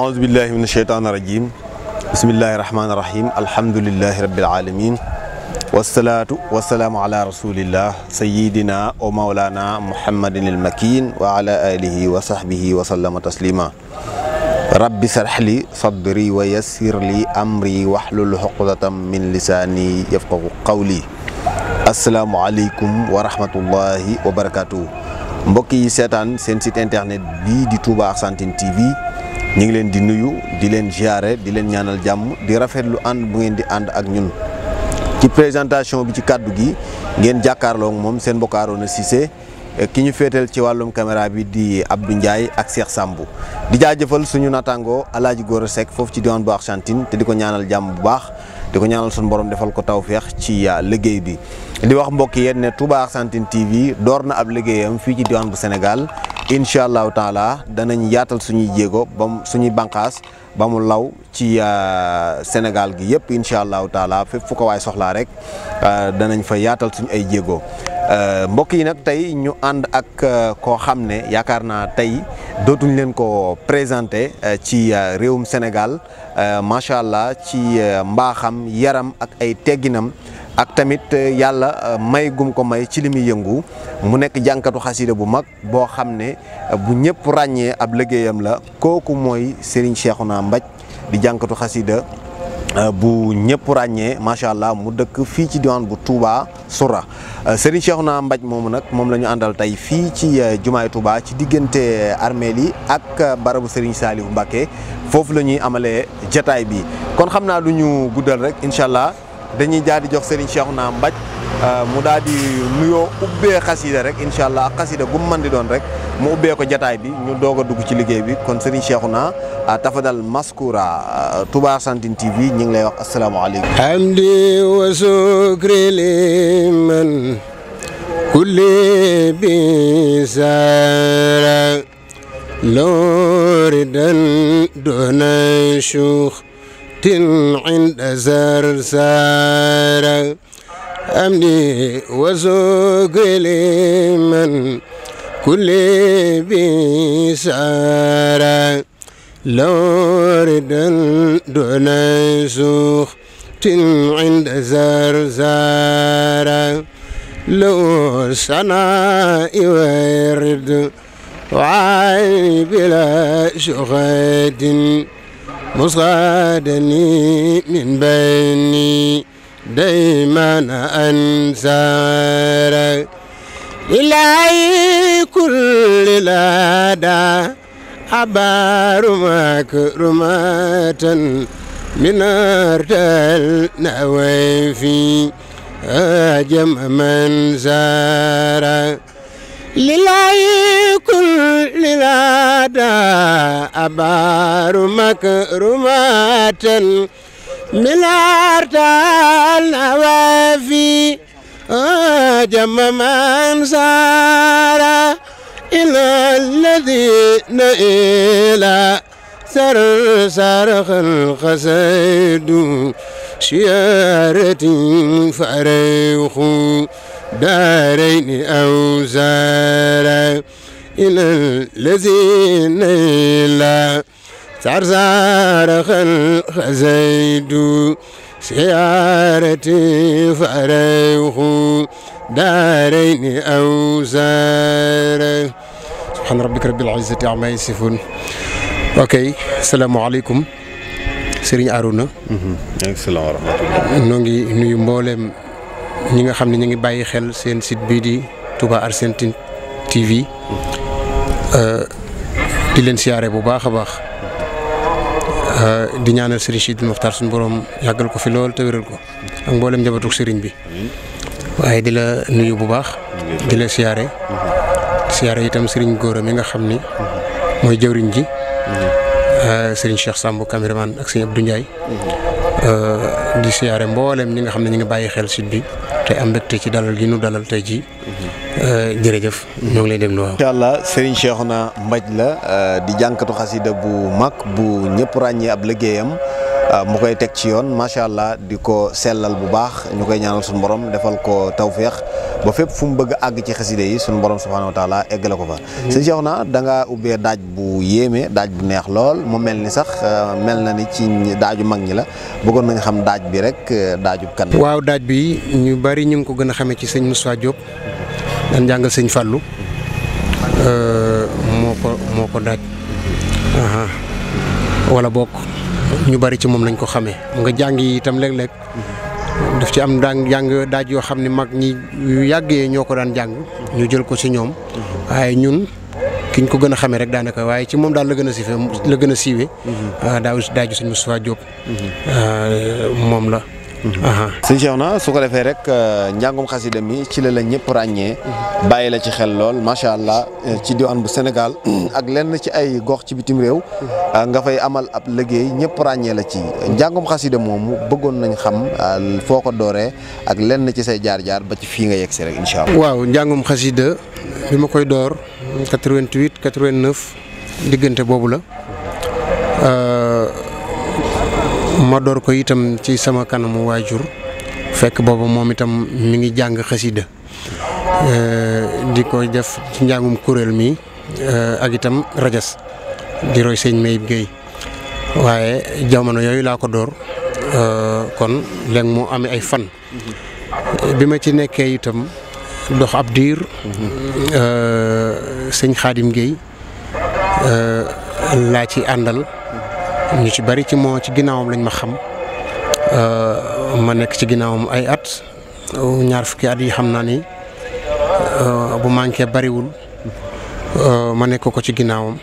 aoudu billahi min asheytaan irajim bismillahi rahmaani rahim alhamdulilahi rabbil alamin wasalaatu wasalaamu ala rasulillah sayidina wa maolana muhammadin ilmakin wa ala alihi wa sahbihi wa sallama taslima rabbi sarx li sadri wa yassir li amri waxlul xuqdatam min lisaani yafqahu qawli asalaamualeykum wa rahmatullahi wa barakatuh mbokk yi seetaan seen site internet bii di Touba Argentine TV ñu ngi leen di nuyu di leen ziare di leen ñaanal jàmm di rafetlu ànd bu ngeen di ànd ak ñun ci présentation bi ci kàddu gi ngeen jàkkaarloog moom seen mbokk Arona Cissé ki ñu féetal ci wàllum caméra bi di Abdou njaay ak Cheikh Sambou di jëfal suñu naataangoo Alaaji Gora Seck foofu ci diwaan bu Argentine te di ko ñaanal jàmm bu baax di ko ñaanal suñu borom defal ko tawféex ci ah, liggéey bi di wax mbokk yéen ne Touba Argentine TV door na ab liggéeyam fii ci diwaan Sénégal incha allahu taala danañ yaatal suñuy jéego ba suñuy bànqaas ba mu law ci euh, Sénégal gi yëpp incha allahu taala fépp fu ko waay soxlaa rek euh, danañ fa yaatal suñu ay jéego. Euh, mbokk yi nag tey ñu ànd ak koo xam ne yaakaar naa tey dootuñ leen ko présenté ci réewum Sénégal macha allah ci mbaaxam yaram ak ay tegginam. ak tamit eh, yàlla eh, may gum ko may ci li muy yëngu mu nekk jànkatu xasida bu mag boo xam ne eh, bu ñëpp ràññee ab liggéeyam la kooku mooy Serigne naa Mbaj di jànkatu xasida bu ñëpp ràññee macha allah mu dëkk fii ci diwaan bu Touba Soura Serigne naa Mbaj moomu nag moom la ñu àndal tey fii ci jumaay Touba ci diggante armeel yi ak barabu sëriñ Saliou Mbacké foofu la ñuy amalee jataay bi kon xam naa du guddal rek incha allah dañuy jaar di jox Serigne Cheikhouna Mbaj euh, mu daal di nuyoo ubbee xasida rek incha allah ak xasida gu di doon rek mu ubbee ko jataay bi ñu doog a dugg ci liggéey bi kon Serigne Cheikhouna tafadal maskura euh, Touba Argentine TV ñi ngi lay wax asalaamaaleykum wa sukri liman kulli bi sara loori dan doona suux عند زرزار أمني وزوق لمن كل بسارة لو ردا دون سوخ عند زرزار لو سناء ورد وعين بلا شغد مسعدني من بيني دائما أنسارك إلهي كل لدى أبار مكرمات من أرض النوافي أجم من زارك لله كل لدى أبار مكرمات ملارت النوافي جم من سار إلى الذين إلى سر سرخ القصيد شيارتي فريخ دارين أو زارا إلى الذين لا تعرزار خلق زيد سيارتي فريخ دارين أو زارا سبحان ربك رب العزة عما يصفون ok salaamaaleykum Serigne Arouna. waaleykum salaam wa rahmatulah. noo ngi nuyu mbooleem ñi nga xam ne ñu ngi bàyyi xel seen site bii di Touba Argentine TV euh, di leen siyaare bu baax a baax euh, di ñaanal Serigne Sidi Mokhtar suñu borom yàggal ko fi loolu te ko ak mboolem njabatuk Serigne bi waaye di la nuyu bu baax di la siyaare siyaare itam Serigne Gora mi nga xam ni mooy jëwriñ ji euh, Serigne Cheikh Samb caméraman ak Serigne Abdou Ndiaye di siyaare mboolem ñi nga xam ne ñu ngi bàyyi xel site bi te am mbégte ci dalal gi ñu dalal tey ji mm-hmm. jërëjëf ñoo ngi lay déglu waaw. incha allah Serigne Cheikhouna Mbaj la euh, di jànkatu xasida bu mag bu ñëpp ràññee ab liggéeyam euh, mu koy teg ci yoon macha allah di ko sellal bu baax ñu koy ñaanal suñu borom defal ko tawféex boo fépp fu mu bëgg àgg ci xaside yi suñu borom subhaanahu wa taala eggale ko fa sëñ Cheikh na da nga ubbee daaj bu yéeme daaj bu neex lool mu mel ni sax euh, mel na ni ci daaju mag ñi la bëggoon nañ xam daaj bi rek euh, daaju kan waaw daaj bi ñu bari ñu ngi ko gën a xamee ci sëñ Moussa Diop daan jàngal sëñ Fallou euh, moo ko moo daaj wala bokk ñu bari ci moom lañ ko xamee nga jàng yi itam léeg-léeg daf ci am daan jàng daaj yoo xam ni mag ñi yàggee ñoo ko daan jàng ñu jël ko ci ñoom waaye ñun kiñ ko gën a xamee rek daanaka waaye ci moom daal la gën a siiwee la gën a siiwee mhm. ah, daaw daaju sëñ Moustapha Diop mhm. ah, moom la Mhm. sëñ Cheikh na su ko defee rek euh, njàngum xasida mi ci la la ñëpp ràññee mhm. bàyyi la ci xel lool macha allah euh, ci diwaan bu Sénégal mhm. ak lenn ci ay gox ci bitim réew euh, nga fay amal ab liggéey ñëpp ràññee la ci njàngum xasida moomu bëggoon nañ xam foo ko dooree ak lenn ci say jaar-jaar ba ci fii nga yegg si rek incha allah. waaw njàngum xasida bi ma koy door 88 89 diggante boobu la. ma door ko itam ci sama kanamu waajur fekk booba moom itam mu ngi jàng xasida eh, di ko def ci njàngum kuréel mi eh, ak itam rajas di sëñ Mayib géey waaye jamono yooyu laa ko door eh, kon léegi mu amee ay fan bi ma ci nekkee itam dox ab diir sëñ Xaadim Guèye laa ci àndal ñu ci bari ci moo ci ginnaawam lañ ma xam euh, ma nekk ci ginnaawam ay at ñaar fukki at yi xam naa ni euh, bu manqué bariwul euh, ma nekk ko ci ginnaawam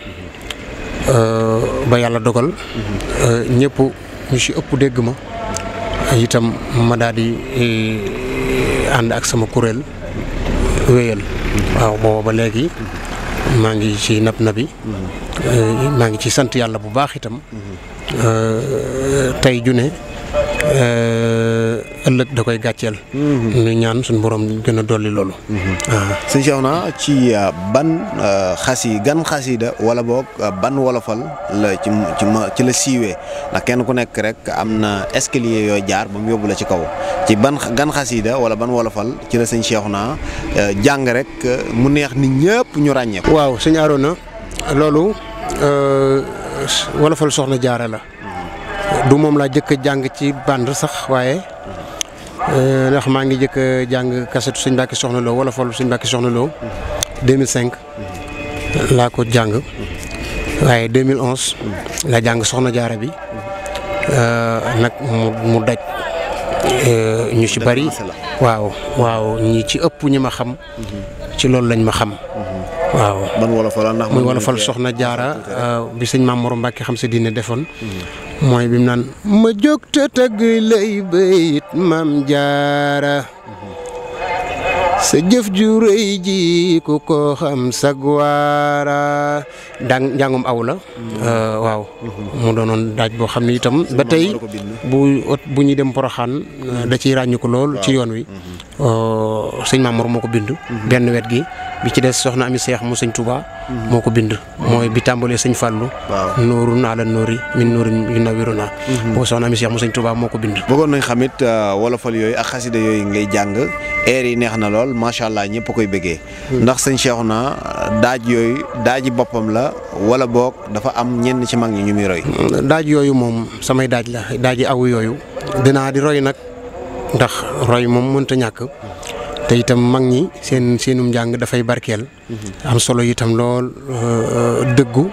ba yàlla dogal ñépp ñu ci ëpp dégg ma itam ma daal eh, ànd ak sama kuréel wéyal waaw booba ba léegi maa ngi ci nab nabi Euh, maa ngi ci sant yàlla bu baax itam euh, tey ju ne euh, ëllëg da koy gàcceel. Mhm. ñu ñaan suñu borom gën a dolli loolu. Mhm. Ah. sëñ Cheikhouna ci ban xasi gan xasida wala boog ban wolofal ci ci ci la siiwee ndax kenn ku nekk rek am na escalier yooyu jaar ba mu yóbbu ci kaw ci ban gan xasida wala ban wolofal ci la sëñ Cheikhouna jàng rek mu neex nit ñëpp ñu ràññee waaw sëñ Arona loolu. Euh, wolofal soxna jaare la du moom laa jëkk jàng ci band sax waaye euh, ndax maa ngi jëkk jàng kasetu suñ Mbàkke soxna loo wolofal sëñ Mbàkke soxna loo 2005 laa ko jàng waaye 2011 la jàng soxna jaare bi euh, nag mu daj ñu ci bari waaw waaw ñi ci ëpp ñi ma xam mhm. ci loolu lañ ma xam mhm. waaw ban wolofal ndax muy wolofal soxna jaara euh, bi sëñ Maam Mor Mbàkke xam sa diine defoon. mooy bi mu naan ma jóg te tëgg lay bayit maam jaara sa jëf ju rëy ku ko xam sagwaara dang njàngum euh, waaw mu doonoon daaj boo xam ne itam ba tey bu ot bu ñuy dem poroxaan euh, da ciy ràññu lool ci yoon wi sëñ Maam Mor moo ko bind mhm. benn wet gi bi ci des soxna ami seex mu sëñ Touba. Mhm. moo ko bind mhm. mooy bi tàmbalee sëñ Fallou. waaw nooru naa la noori min noori yu nawiru naa. Mhm. boo soxna ami seex mu sëñ Touba moo ko bind. bëggoon nañ xamit euh, wolofal yooyu ak xasida yooyu ngay jàng air yi neex na lool macha allah ñëpp koy bëggee. ndax sëñ Cheikh naa daaj yooyu daaji boppam la wala boog dafa am ñenn ci mag ñi ñu muy roy. daaj yooyu moom samay daaj la daaji awu yooyu dinaa di roy nag ndax roy moom mënta ñàkk. te itam mag ñi seen seenum njàng dafay barkeel. Mhm. am solo itam lool euh, dëggu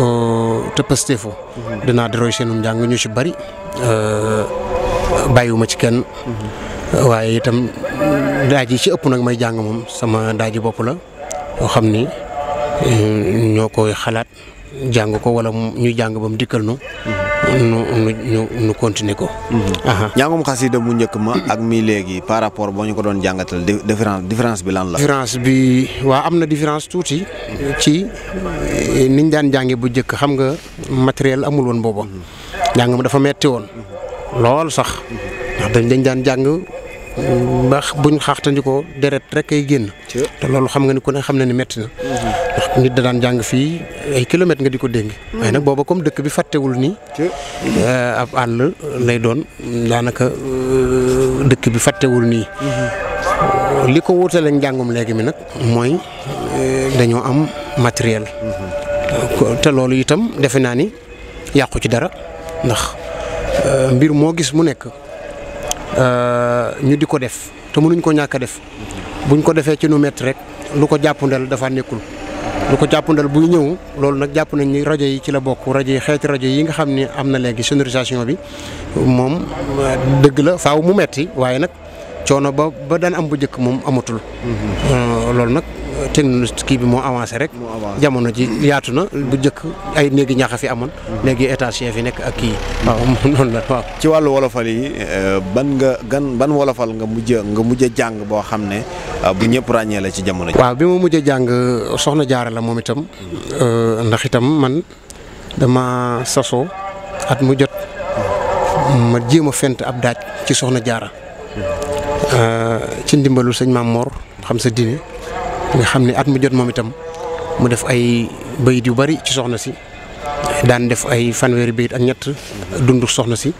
euh, te pëstéefoo. Mhm. danaa darooy seenum njàng ñu ci bari euh, bàyyiwuma ci kenn. Mhm. waaye itam daaj yi ci ëpp nag may jàng moom sama daaji bopp la yoo xam ni ñoo koy xalaat. jàng ko wala ñu jàng ba mu dikkal nu. nu nu ñu nu continuer ko. njàngum xasida mu njëkk ma ak mi léegi par rapport boo ñu ko doon jàngatal différence différence bi lan la. différence bi waa am na différence tuuti. ci eh, niñ daan jàngee bu njëkk xam nga matériel amul woon booba. njàng ma dafa metti woon. lool sax. dañ daan jàng bu ñu xaaxtandikoo deret rek ay génn. te loolu xam nga ni ku ne xam na ni metti na. ndax nit da daan jàng fii ay kilomètres nga di ko dégg. waaye nag boobu comme dëkk bi fàttewul nii. Eh, ab àll lay doon daanaka euh, dëkk bi fàttewul nii. Mm-hmm. li ko wuutale njàngum léegi mi nag mooy eh, dañoo am matériel. Mm-hmm. Euh, te loolu itam defe naa ni yàqu ci dara ndax euh, mbir moo gis mu nekk. ñu di ko def te mënuñ ko ñàkk a def buñ ko defee ci nu métti rek lu ko jàppandal dafa nekkul lu ko jàppandal buy ñëw loolu nag jàpp nañ ni rajo yi ci la bokk rajo yi xeeti rajo yi nga xam ni am na léegi sonorisation bi moom dëgg la faaw mu metti waaye nag coono ba ba daan am bu njëkk moom amatul. Mm-hmm. Uh, loolu nag technologie kii bi moo avancé rek. jamono ji yaatu na bu njëkk ay néegi ñax a fi amoon. léegi mm-hmm. étage chef yi nekk ak kii. waaw noonu la ci wàllu wolofal yi uh, ban nga gan ban wolofal nga mujj nga mujj jàng boo xam ne uh, bu ñëpp ràññee la ci jamono ji. waaw bi ma mujj jàng soxna jaara la moom itam ndax itam man dama sasoo at mu jot mm-hmm. ma jéem a fent ab daaj ci soxna jaara. ci ndimbalu sëñ Maam Mor xam sa diine nga xam ne at mu jot moom itam mu def ay bayit yu bari ci soxna si daan def ay fanweeri bayit ak ñett dundu soxna si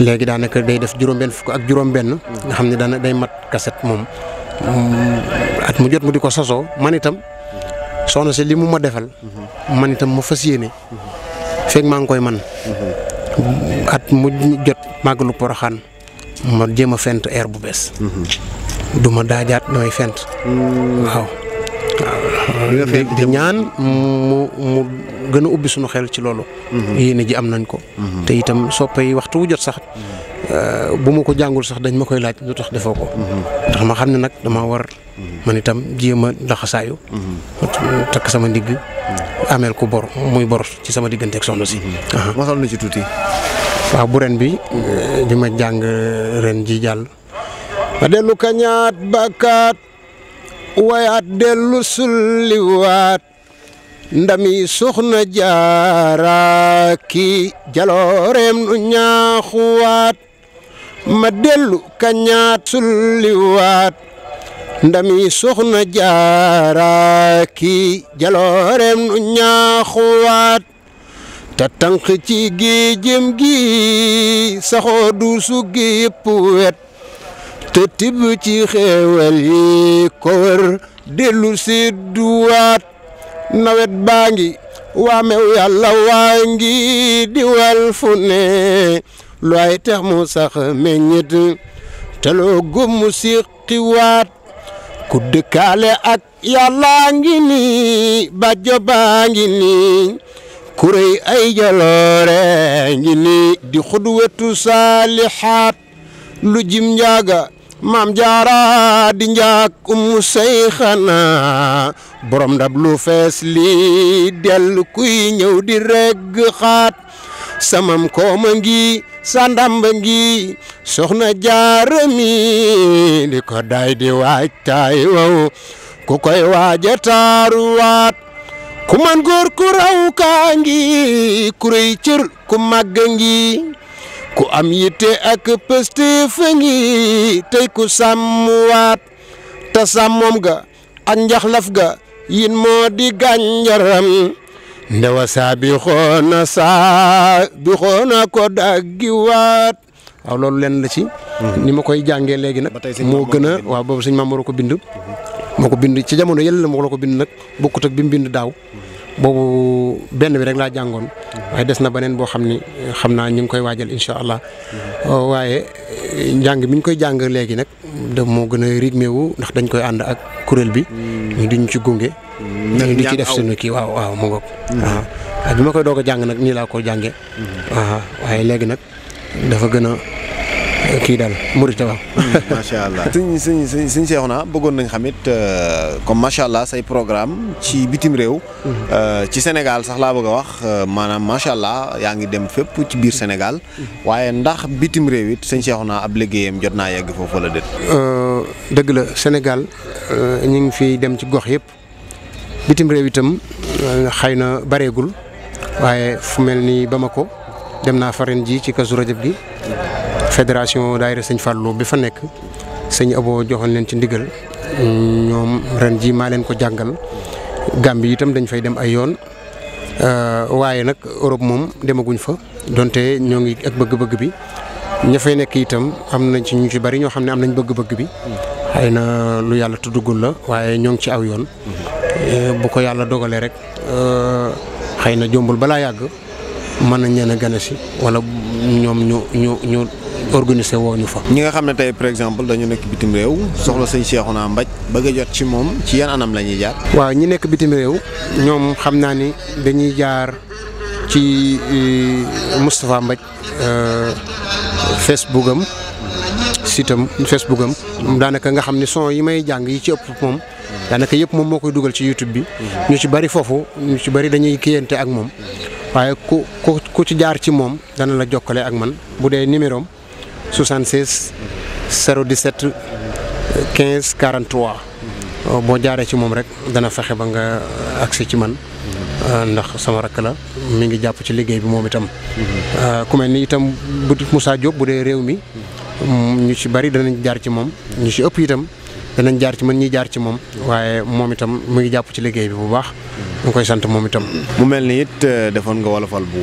léegi daanaka day def juróom-benn fukk ak juróom-benn nga xam ne daana day mat kaset moom mm, at mu jot mu di ko sosoo man itam soxna si li mu ma defal man itam ma fas yéene fekk maa ngi koy man at mu jot màggalu Poroxaan ma jéem a fent air bu bees. Mhm. du ma daajaat damay fent. Mm. waaw. ñaan mu mu gën a ubbi suñu xel ci loolu. Mhm. yéene ji am nañ ko. Mhm. te itam soppe yi waxtu wu jot sax. bu ma ko jàngul sax dañ ma koy laaj lu tax defoo ko. ndax ma xam ne nag dama war. man itam jéem a laxasaayu. takk sama ndigg. ameel ko bor muy bor ci sama digganteeg soxna si. tuuti. waaw bu ren bi bi eh, ma jàng eh, ren ji jàll ma dellu kañaat bakkaat wayaat dellu sulliwaat ndami soxna jaara ki jalooreem nu waat ma dellu kañaat sulliwaat ndami soxna jaara ki jalooreem nu ñaaxuwaat te tànq ci géejëm gi saxoo duusu gi yëpp wet te ci xeewal yi ko wër dellu si duwaat nawet baa ngi waamew yàlla waa ngi diwal fu ne looy tax mu sax meññit te loo gëm si xiwaat ku dëkkaale ak yàlla ngi nii bàjjo baa ngi nii ku rëy ay jaloore ngi nii di xudwetu saalihaat lu jim njaaga maam jaara di njaag ummu sayxana borom ndab lu fees lii dell kuy ñëw di regg xaat samam kooma ngi sandamba ngi soxna jaara di ko day di waaj taay wow ku koy waaja taaruwaat ku man góor ku raw kaa ngi ku rëy cër ku màgg ngi ku am yitte ak pëste fa ngi tey ku sàmmwaat te sàmmoom ga ak njaxlaf ga yin moo di gànjaram ndewa saa bi xoona saa bi xoona ko daggiwaat waaw loolu leen la ci hmm. ni ma koy jàngee léegi nag moo gën a waaw boobu sëñ Mamour ko bind hmm. moo ko bind ci jamono yële la moo la ko bind nag bokkut ak bi mu bind daaw boobu benn bi rek laa jàngoon waaye des na beneen boo xam ni eh, xam naa ñu ngi koy waajal incha allah oh, waaye eh, njàng mi koy jàng léegi nag da moo gën a rythmé wu ndax dañ koy ànd ak kuréel bi. Hmm. duñ ci gunge. Hmm. def suñu kii waaw waaw hmm. ah. ma koy doog jàng nag nii laa ko jàngee. Ah, léegi nag dafa gën a kii daal Mouride waaw. macha allah suñ suñ suñ naa bëggoon nañ xam it euh, comme macha allah say programme ci bitim réew. Mhm. Euh, ci Sénégal sax laa bëgg a wax euh, maanaam macha allah yaa ngi dem fépp ci biir Sénégal mhm. waaye ndax bitim réew it suñ naa ab liggéeyam jot naa yegg foofu la déet. dëgg la Sénégal ñu ngi fi dem ci gox yëpp bitim réew itam xëy na bareegul waaye fu mel ni ko dem naa fa ji ci kasu rajab gi. fédération daayira sëñ Fallou bi fa nekk sëñ Abo joxoon leen ci ndigal ñoom ren jii maa leen ko jàngal Gambie itam dañ fay dem ay yoon euh, waaye nag Europe moom demaguñ fa donte ñoo ngi ak bëgg-bëgg bi ña fay nekk itam am nañ ci ñu ci bari ñoo xam ne am nañ bëgg-bëgg bi xëy na lu yàlla tuddugul la waaye ñoo ngi ci aw yoon euh, bu ko yàlla dogalee rek euh, xëy na jombul balaa yàgg mën nañ leen a gane ñoom ñu ñu organisé woo ñu fa. ñi nga xam ne tey par exemple dañu nekk bitim réew soxla sëñ naa Mbaj bëgg a jot ci moom ci yan la ñuy jaar. waaw ñi nekk bitim réew ñoom xam naa ni dañuy jaar ci e, Moustapha Mbaj e, Facebook am site am Facebook am daanaka nga xam ne son yi may jàng yi ci ëpp moom. daanaka yëpp moom moo koy dugal ci YouTube bi. ñu ci bari foofu ñu ci bari dañuy kiyante ak moom. waaye ku ku ku ci jaar ci moom dana la jokkale ak man bu dee numéro am 76 017 15 43 boo jaaree ci moom rek dana fexe ba nga agsi ci man euh, ndax sama rakk la mu ngi jàpp ci liggéey bi moom itam euh, ku ni itam bu Moussa Diop bu dee réew mi ñu ci bari danañ jaar ci moom ñu ci ëpp itam danañ jaar ci man ñi jaar ci moom waaye moom itam mu ngi jàpp ci liggéey bi bu baax ñu koy sant moom itam. mu mel ni it euh, defoon nga wolofal bu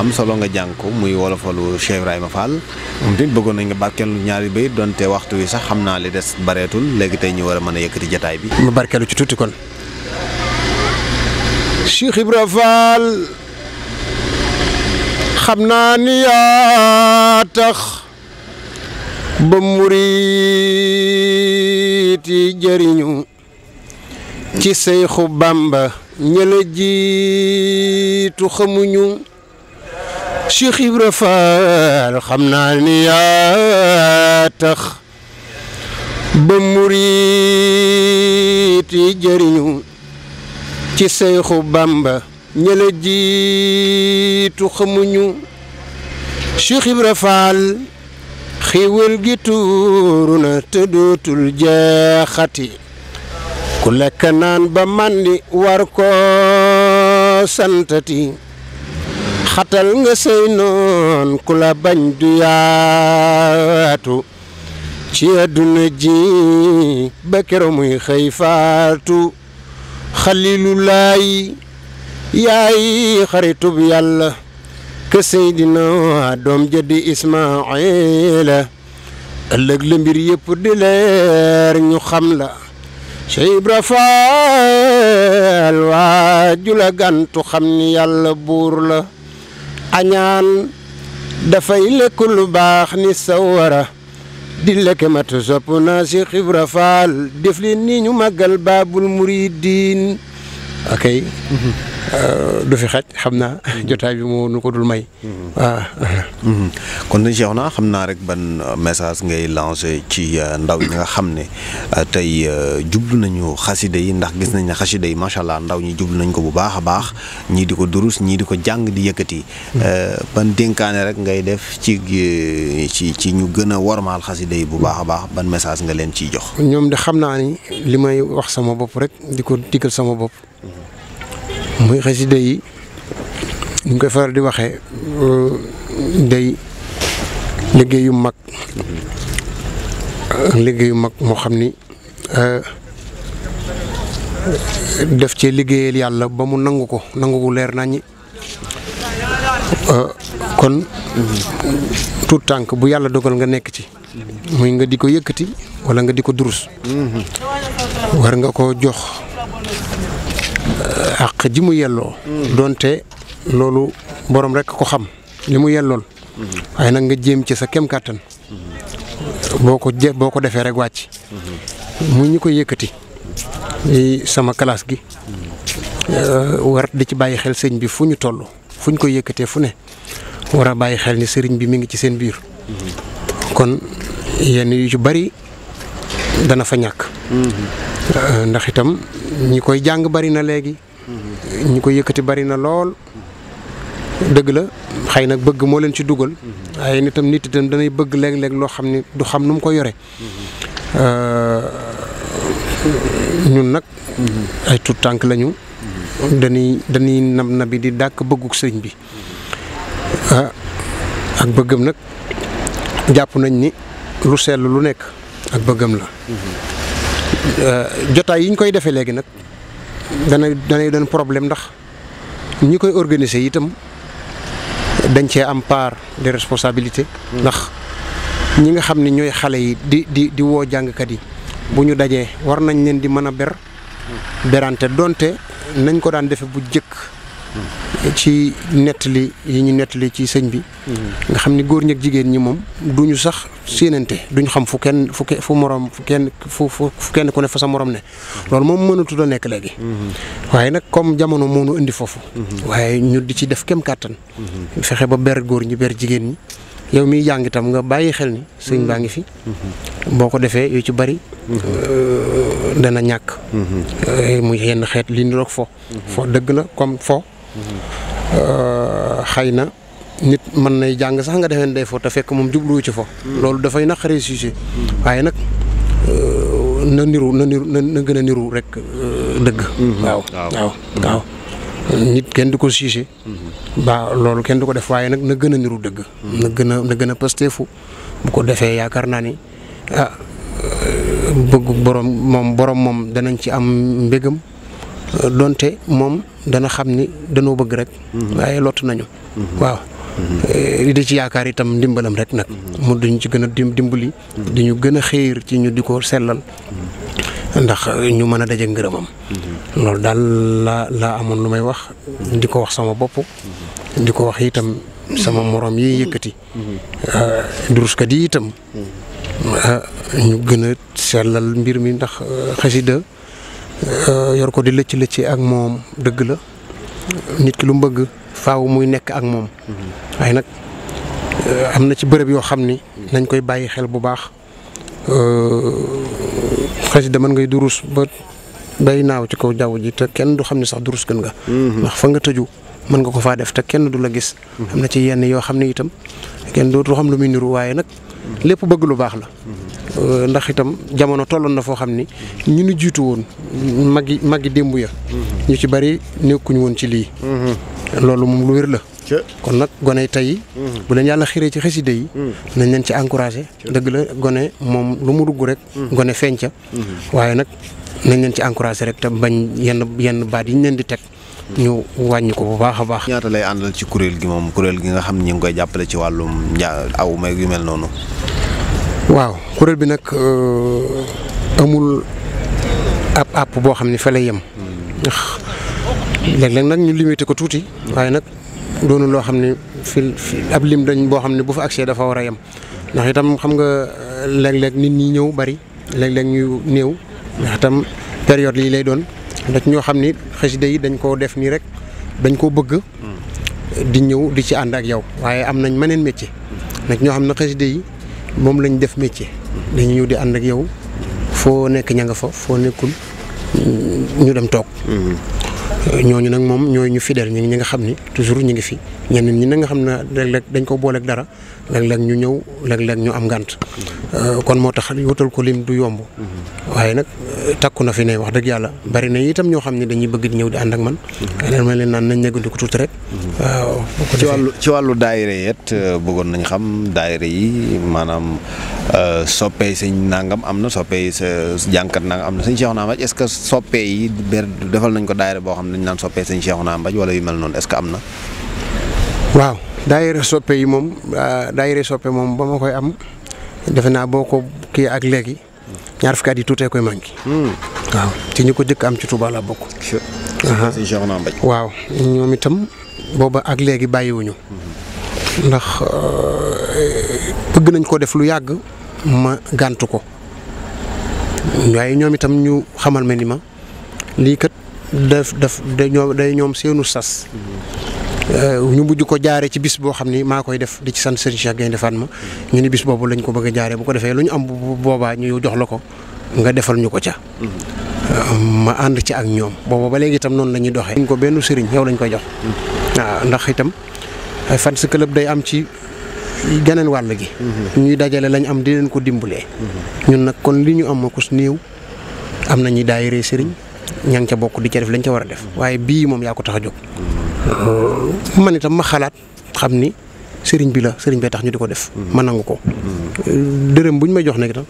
am solo nga jàng ko muy wolofalu Cheikh Ibrahima Fall moom tamit bëggoon nañ nga barkeelu ñaari béy donte waxtu wi sax xam naa li des bareetul léegi tey ñu wara mën a yëkkati jataay bi. mu barkeelu ci tuuti kon. Cheikh Ibra Fall xam naa ni yaa tax ba murit yi ci Seyxu Bamba ñëla jiitu xamuñu Cheikh Ibra Faal xam naa ni yaa tax ba murit yi jëriñu ci Seyxu Bamba ñëla jiitu xamuñu Cheikh Ibra Faal xiiwal gi tuuru na te dootul jeexati ku naan ba màndi war ko santati nga sëy noon ku la bañ du yaatu ci àdduna ji ba kero muy xëy faatu xalilulaay yaay xaritub yàlla ke seydina doom jëddi ismaila ëllëg la mbir yëpp di leer ñu xam la Cheikh Ibra Faal waaju la gantu xam ni yàlla buur la añaan dafay lekk lu baax ni sawara di lekk mat sopp naa Cheikh Ibra Faal def le nii ñu màggal baabul muridiin okay mm-hmm. Euh, du fi xaj xam naa mhm. jotaay bi moo nu ko dul may. Mhm. Mhm. kon nag jeex naa xam naa rek ban euh, message ngay lancé ci euh, ndaw yi nga xam ne tey jublu nañu xasida yi ndax gis nañ ne xasida yi macha allah ndaw ñi jublu nañ ko bu baax a baax ñii di ko durus ñii di ko jàng di yëkkati. ban dénkaane rek ngay def ci ci ci ñu gën a wormaal xasida yi bu baax a baax ban message nga leen ciy jox. ñoom de xam naa ni li may wax sama bopp rek di ko digal sama bopp. muy xasida yi ñu koy faral di waxee euh, day liggéeyu mag liggéeyu mag moo xam ni euh, def cee liggéeyal yàlla ba mu nangu ko nangu ko leer naññi euh, kon tuut tànk bu yàlla dogal nga nekk ci muy nga di ko yëkkati wala nga di ko durus mm-hmm. war nga ko jox àq ji mu yelloo. doonte loolu boroom rek ko xam li mu yellool. waaye nag nga jéem ci sa kem kàttan. boo ko je boo ko defee rek wàcc. mu ñu ko yëkkati. lii sama kalaas gi. Euh, war di ci bàyyi xel sëñ bi fu ñu toll fu ñu ko yëkkatee fu ne war a bàyyi xel ni sëriñ bi mu ngi ci seen biir. kon yenn yu bari dana fa ñàkk. Euh, ndax itam ñi koy jàng bari na léegi. Mhm. ñi ko yëkkati bari na lool. dëgg la xëy nag bëgg moo leen ci dugal. Mhm. waaye nitam nit itam danay bëgg léeg-léeg loo xam ne du xam nu mu ko yore. Mhm. Euh, ñun nag. ay tuut tànk lañu. dañuy dañuy nab nabi di dàkk bëgguk sëriñ bi. Ah, ak bëggam nag jàpp nañ ni lu sell lu nekk ak bëggam la. Euh, jotaay yi ñu koy defee léegi nag dana danay doon problème ndax ñi koy organiser itam dañ cee am part de responsabilité. Hmm. ndax ñi nga xam ni ñooy xale yi di di di woo jàngkat yi bu ñu dajee war nañ leen di mën a ber hmm. berante donte nañ ko daan defee bu jëkk ci nettali yi ñu nettali ci sëñ bi. Mm-hmm. nga xam ni góor ñi ak jigéen ñi moom du ñu sax séenante duñ xam fu kenn fu fu morom fu kenn fu fu ku ne fa sa morom ne. Mm-hmm. loolu moom mënatul a nekk léegi. Mm-hmm. waaye nag comme jamono moo nu indi foofu. waaye ñu di ci def kem kàttan. fexe ba ber góor ñi ber jigéen ñi. yow mi jàng itam nga bàyyi xel ni sëñ baa ngi fi. boo ko defee yu ci bari. Euh, dana ñàkk. Euh, muy yenn xeet li ñu doog fo. fo dëgg na comme foo Euh, xëy na nit mën na jàng sax nga defeen day fo te fekk moom jubluwu ci fo hmm. loolu dafay naqaree sujet hmm. waaye nag euh, na niru na niru na gën a niru rek euh, dëgg hmm. waaw waaw waaw nit kenn du ko siise ba loolu kenn du ko def waaye nag na gën a niru dëgg na gën a na gën a pasteefu bu ko defee yaakaar naa ni ah bëgg borom moom boroom moom danañ ci am mbégam donte moom dana xam ni danoo bëgg rek. Mhm. waaye lott nañu. Mhm. waaw di mhm. eh, ci yaakaar itam ndimbalam rek nag. mu duñ ci gën a dimbali. di ñu gën a xéer ci ñu di ko sellal. ndax ñu mën a daje ngërëmam. loolu daal laa laa amoon lu may wax. di ko wax sama bopp. di ko wax itam sama morom yi yëkkati. Ah, duruskat yi itam. Ah, ñu gën a sellal mbir mi ndax ah, xasida Euh, yor ko di lëcc lëcc ak moom dëgg la nit ki lu mbëgg bëgg muy nekk ak moom mm-hmm. waaye nag euh, am na ci bërëb yoo xam ni nañ koy bàyyi xel bu baax euh, xasida mën ngay durus ba bay naaw ci kaw jaww ji te kenn du xam ne sax durus gën nga mm-hmm. ndax fa nga tëju mën nga ko faa def te kenn du la gis mm-hmm. am na ci yenn yoo xam ne itam kenn dootu xam lu muy niru waaye nag lépp bëgg lu baax la Euh, ndax itam jamono tolloon na foo xam ni ñun jiitu woon mag magi démb ya mhm. ñu ci bari nekkuñu woon ci lii mhm. loolu moom lu wér la kon nag gone tey mhm. bu leen yàlla xiree ci xaside yi nañ leen ci encouragé dëgg la gone moom lu mu dugg rek gone fenca waaye nag nañ leen ci encouragé rek te bañ yenn yenn baat yi ñu leen di teg ñu wàññi ko bu baax a baax. ñaata lay àndal ci kuréel gi moom kuréel gi nga xam ñi ngi koy jàppale ci wàllum njaa aw meeg yu mel noonu. waaw kuréel bi nag euh, amul ab àpp boo xam ne fa yem ndax léeg-léeg nag ñu limité ko tuuti waaye nag doonul loo xam ne fi ab lim dañ boo xam ne bu fa accès dafa war a yem ndax itam xam nga euh, léeg-léeg nit ñi ñëw bari léeg-léeg ñu néew ndax itam période lii lay doon ndax ñoo xam ni xasida yi dañ koo def nii rek dañ koo bëgg hmm. di ñëw di ci ànd ak yow waaye am nañ meneen métier nag ñoo xam ne xasida yi moom lañ def métier dañu ñëw di ànd ak yow foo nekk ña nga fa foo nekkul ñu dem toog mm-hmm. ñooñu nag moom ñooy ñu fidèle ñi ñi nga xam ni toujours ñu ngi fi ñenn ñi nga xam ne léeg-léeg dañ ko booleeg dara léeg ñu ñëw léeg-léeg ñu am ngànt euh, kon moo tax wutal ko lim du yomb mm-hmm. waaye nag euh, takku na fi ne wax dëgg yàlla bari na itam ñoo xam ne dañuy bëgg ñëw di ànd ak man leen mm-hmm. ma leen naan nañ ñegandi ko tuuti rek mm-hmm. waaw wàllu ci wàllu daayira euh, bëggoon nañ xam daayira yi maanaam soppee sëñ nangam am na soppee sa jànkat nangam am na sëñ Cheikh Naama est-ce que soppee yi ber defal nañ ko daayira boo xam ne ñu naan soppee sëñ Cheikhouna Mbathie wala yu mel noonu est-ce waaw daayira soppe yi moom ah, daayira soppe moom ba ma koy am defe naa boo ko kii ak léegi ñaar fukki at yi tuutee koy manqué. Hmm. waaw ñu ko jëkk am ci Touba bokk. sëñ Cheikhouna Mbathie waaw ñoom itam booba ak léegi bàyyiwuñu. Hmm. ndax ah, bëgg nañ ko def lu yàgg ma gàntu ko waaye ñoom itam ñu xamal ma ma lii kat daf daf day ñoom day ñoom seenu sas. Euh, ñu mujj ko jaaree ci bis boo xam ni maa koy def di ci sant Serigne Cheikh Gaynde ma ñu ni bis boobu lañ ko bëgg a jaaree bu ko defee lu ñu am bu boobaa ñu jox la ko nga defal ñu ko ca. Euh, ma ànd ci ak ñoom booba ba léegi itam noonu lañuy ñuy doxee. ñu ko benn sëriñ yow lañ koy jox. waaw ndax itam fan si club day am ci geneen wàll gi. ñuy dajale lañ am di leen ko dimbalee. ñun nag kon li ñu am ma kus néew am nañu daayiree sëriñ ña ngi ca bokk di ca def lañ ca war a def waaye bii moom yaa ko tax a jóg. man itam ma xalaat xam ni sëriñ bi la sëriñ bee tax ñu di ko def. ma nangu ko. dërëm buñ ma jox nag itam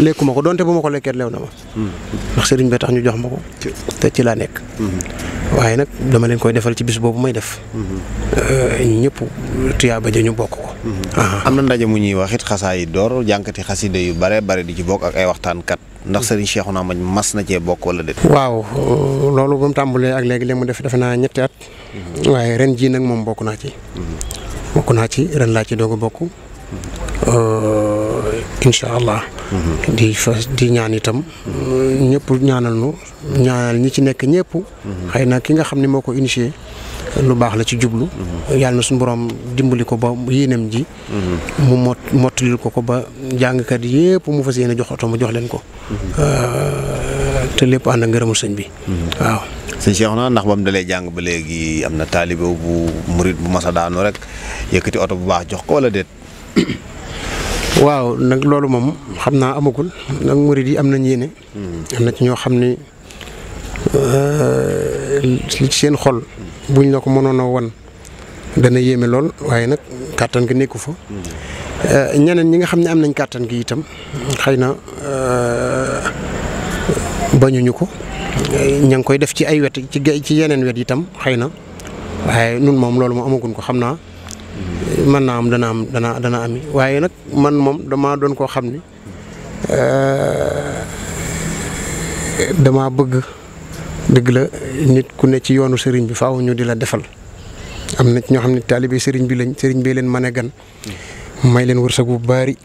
lekku ma ko donte bu ma ko lekkee lew na ma. ndax sëriñ bee tax ñu jox ma ko. te ci laa nekk. waaye nag dama leen koy defal ci bis boobu may def. Mm-hmm. Uh, ñëpp tuyaaba ja ñu bokk ko. Mm-hmm. am na ndaje mu ñuy wax it xasaay door jànkati xasida yu bare bare di ci bokk ak ay waxtaankat ndax Serigne naa Mbathie mas na cee bokk wala déet. waaw uh, loolu ba mu tàmbalee ak léegi li mu def defe naa ñetti at. Mm-hmm. waaye ren jii nag moom bokk naa ci. bokk naa ci ren laa ci doog a bokk. Uh, incha allah. di fa di ñaan itam. ñëpp ñaanal nu ñaanal ñi ci nekk ñëpp. xëy na ki nga xam ne moo ko initié. lu baax la ci jublu. yàlla na suñu borom dimbali ko ba yéenam ji. mu mot ko ko ba jàngkat yëpp mu fas yéene jox oto mu jox leen ko. Mhm. te lépp ànd ngërëmu sëñ bi. Mhm. waaw sëñ Cheikh na ndax ba mu dalee jàng ba léegi am na taalibe bu murit bu masa daanu rek yëkkati oto bu baax jox ko wala déet. waaw nag loolu moom xam naa amagul nag murid yi am nañ yéene. Hmm. am na ci ñoo xam ni li euh, seen xol buñ la ko mënoon a wan dana yéeme lool waaye nag kàttan gi nekku fa. Hmm. Euh, ñeneen ñi nga xam ne am nañ kàttan gi itam xëy na euh, bañuñu ko ña ngi koy def ci ay wet ci ci yeneen wet itam xëy na waaye nun moom loolu moo amaguñ ko xam naa. man naa am dana am dana dana ami waaye nag man moom damaa doon koo xam ni eh, damaa bëgg dëgg la nit ku ne ci yoonu sëriñ bi faw ñu di la defal am na ñoo xam ne taalibe sëriñ bi lañ sëriñ bee leen mën gan may leen wërsëg bu bari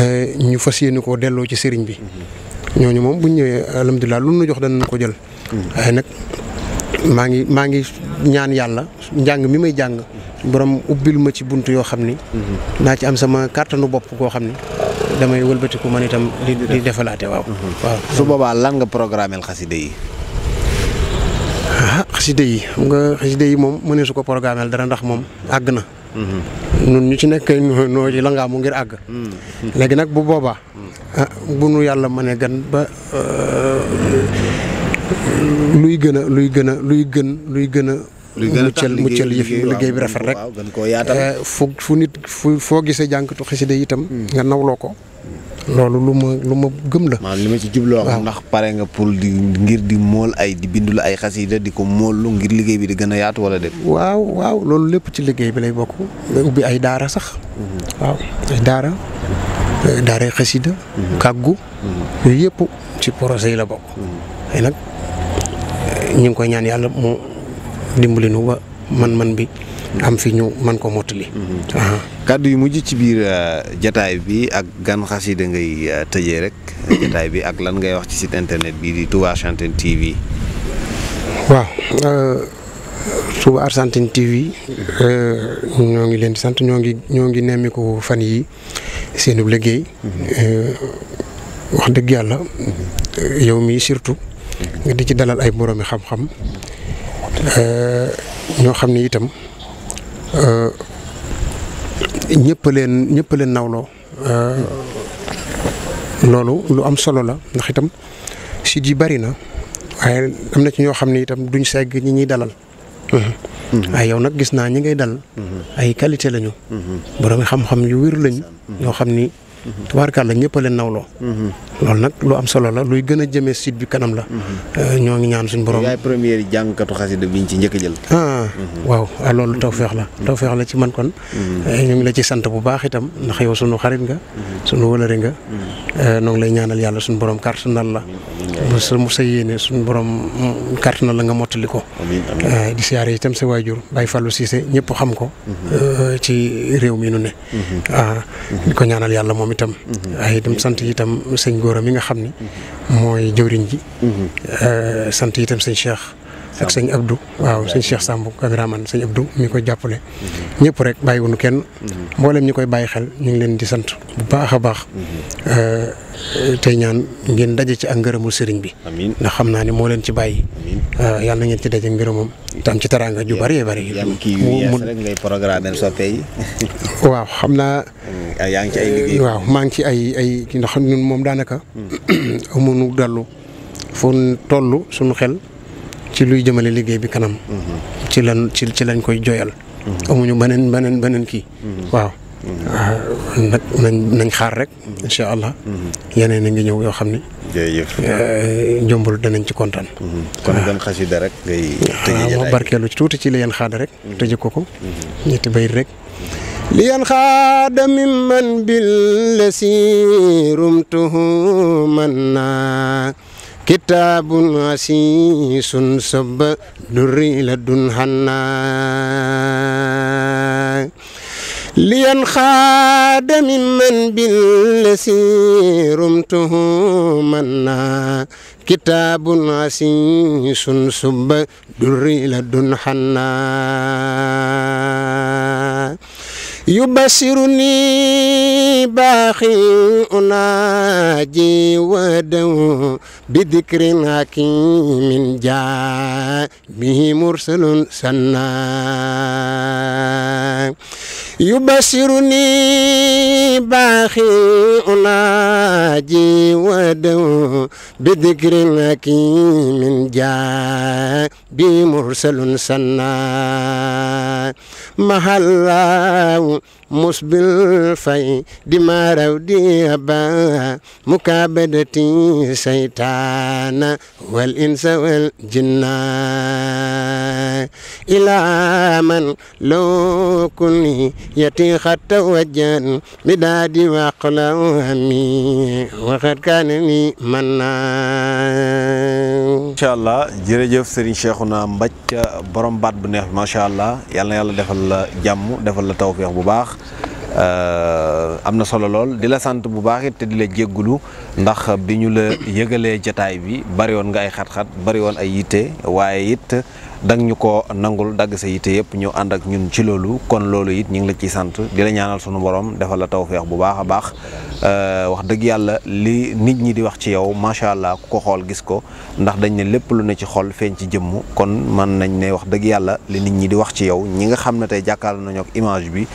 eh, ñu fas yéene koo delloo ci sëriñ bi ñooñu moom bu ñëwee alhamdulilah lu nu jox danañ ko jël waaye nag maa ngi maa ngi ñaan yàlla njàng mi may jàng borom ubbil ma ci bunt yoo xam ni. Mhm. naa ci am sama kàttanu bopp koo xam ni damay wëlbatiku man itam di defalaate mhm. waaw. su boobaa lan nga programmeel xaside yi. Ah, xaside yi xam nga yi moom mënee su ko programmeel dara ndax moom àgg na. ñun mhm. ñu ci nekk noo ci la ngaa mu ngir àgg. léegi nag bu boobaa. Ah, bu nu yàlla mënee gan ba. Euh, luy gën a luy gën a luy gën luy gën a. mu muccal muccal yëf liggéey bi rafet rek eh, fu fu nit fu foo gisee jànkatu xasida itam hmm. nga nawloo ko loolu lu ma lu ma gëm la. li ma ci jubloo wax ndax pare nga pour di ngir di mool ay di bindul ay xasida di ko moolu ngir liggéey bi di gën a yaatu wala de waaw waaw loolu lépp ci liggéey bi lay bokk. nga ubbi ay daara sax. Hmm. waaw daara. Eh, daaray xasida. Hmm. kàggu. yooyu yëpp ci projet yi la bokk. ay nag eh, ñu koy ñaan yàlla mu. dimbali nu wa man-man bi am fi ñëw man ko mottali. Mhm. kàddu yu mujj ci biir euh, jataay bi ak gan xasida ngay euh, tëjee rek. jataay bi ak lan ngay wax ci site internet bi di Touba Argentine TV. waaw euh, Touba Argentine TV ñoo ngi leen sant ñoo ngi ñoo ngi nemmiku fan yi seenub liggéey. Mhm. wax dëgg yàlla mhm. yow mii surtout nga di ci dalal ay boroomi xam-xam. Euh, ñoo xam ne itam euh, ñëpp leen leen nawloo euh, loolu lu am solo la ndax itam sit yi bari na waaye am na ci ñoo xam ne itam duñ segg ñi ñuy dalal mm-hmm. ay yow nag gis naa ñi ngay dal mm-hmm. ay qualité lañu mm-hmm. borom xam-xam yu wér lañu ñoo xam ni tubaarkàlla ñëpp a leen nawloo. Mhm. loolu nag lu am solo la luy gën a jëmee site bi kanam la. Mhm. Euh, ñoo ngi ñaan suñ borom. yaay première jàngkatu xasida bi ñu ci njëkk a jël. ah mhm. waaw ah loolu tawfeex la tawfeex la ci man kon. Euh, ñoo ngi la ci sant bu baax itam ndax yow sunu xarit nga. sunu wëlëri nga. Euh, noo ngi lay ñaanal yàlla suñu borom kàttanal la. bu sa mu sa yéene suñu borom mm, kàttanal la nga mottali ko. di siyaare itam sa waajur Baye Fallou Cissé ñëpp xam ko. ci réew mi ne. Ah, di ko ñaanal yàlla moom itam. waaye itam sant itam sëñ Gora mi nga xam ni. Mhm. mooy jëwriñ ji. Mhm. Euh, sant itam sëñ Cheikh. ak sëñ Abdou waaw sëñ Cheikh Samb ak Raman sëñ Abdou mi koy jàppale mhm. ñëpp rek bàyyiwunu kenn mhm. mboolem ñi koy bàyyi xel ñu ngi leen di sant bu baax a baax mhm. euh, tey ñaan ngeen daje ci ak ngërëmul sëriñ bi ndax xam naa ni moo leen ci bàyyi euh, yàlla na ngeen ci daje ngërëmam tam ci teraanga ju bëree bëri waaw xam naa euh, waaw maa ngi ci ay ay ndax ñun moom daanaka amunu dallu foo toll suñu xel ci luy jëmale liggéey bi kanam. Mm-hmm. ci lan ci ci lañ koy joyal. Mm-hmm. amuñu beneen beneen beneen kii. Mm-hmm. waaw. nag nañ nañ xaar rek. incha allah. yeneen ngi ñëw yoo xam ne. jërëjëf eh, jombul danañ ci kontaan. kon ah. gan ah, barkeelu tuuti ci li yéen xaada rek. tëjee ko ko. ñetti bayit rek. li xaada mimman bil lasi rumtuhu man naa. كتاب عسيس سب دري لدن حنا لينخاد ممن بالذي رمته منا كتاب عسيس سب دري لدن حنا يبشرني باخي أناجي ودو بذكر حكيم جاء به مرسل سنا يبشرني باخي أناجي ودو بذكر الحكيم جاء بمرسل سنا محلاه musbil fay di maaraw di haba mukabadati saytaana wal insa wal jinna ilaa man loo kuni yati xatta wajan bidaadi waqla hami waxat kaana ni man na macha allah jërëjëf sëriñ Cheikhouna Mbathie borom baat bu neex macha allah yàlla na yàlla defal la jàmm defal la tawfeex bu baax Euh, am na solo lool di la sant bu baax it te di la jéggulu ndax bi ñu la yëgalee jataay bi bari woon nga xat-xat bari woon ay yitte waaye it dagg ñu ko nangul dagg sa yite yëpp ñu ànd ak ñun ci loolu kon loolu it ñu ngi la ciy sant di la ñaanal sunu borom defal la tawféex bu baax a baax euh, wax dëgg yàlla li nit ñi di wax ci yow macha allah ku ko xool gis ko ndax dañ ne lépp lu ne ci xol feeñ ci jëmm kon mën nañ ne wax dëgg yàlla li nit ñi di wax ci yow ñi nga xam ne tey jàkkaarloo nañu ak image bi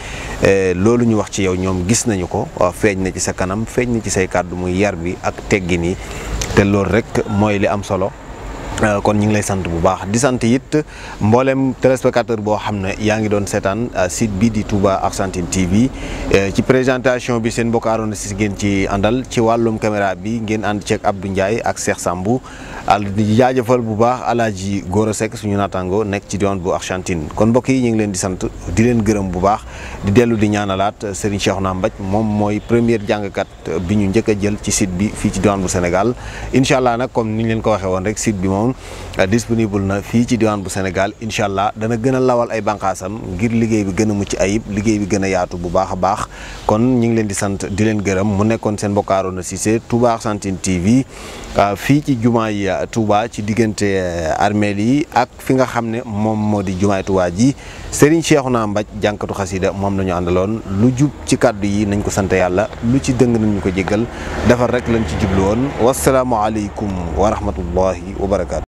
euh, loolu ñu wax ci yow ñoom gis nañu ko feeñ na ci sa kanam feeñ na ci say kàddu muy yar bi ak teggin yi te loolu rek mooy li am solo. Euh, kon ñu ngi lay sant bu baax di sant it mboolem téléspectateur boo xam ne yaa ngi doon seetaan euh, site bi di Touba Argentine TV euh, ci présentation bi seen mbokk Arona Cissé ngeen ci àndal ci wàllum caméra bi ngeen ànd ceeg Abdou Ndiaye ak Cheikh Sambou di jaajëfal bu baax Alaaji Gora sekk suñu naataango nekk ci diwaan bu Argentine kon mbokk yi ñu ngi leen di sant di leen gërëm bu baax di dellu di ñaanalaat Serigne na Mbathie moom mooy premier jàngkat bi ñu njëkk a jël ci site bi fii ci diwaan bu Sénégal incha allah nag ni ñu leen ko waxee woon rek moom euh, disponible na fii ci diwaan bu Sénégal incha allah dana gën a lawal ay banqaasam ngir liggéey bi gën a mucc ayib liggéey bi gën a yaatu bu baax a baax kon ñu ngi leen di sant di leen gërëm mu nekkoon seen mbokk Arona Cissé Touba Argentine TV euh, fii ci jumaay euh, Touba ci diggante armeel yi ak fi nga xam ne moom moo di jumaay Touba ji Serigne Cheikhouna Mbaj jànkatu xasida moom la ñu àndaloon lu jub ci kàddu yi nañ ko sant yàlla lu ci dëng nañ ñu ko jéggal defar rek lañ ci jublu wa rahmatullahi wa barakaatu.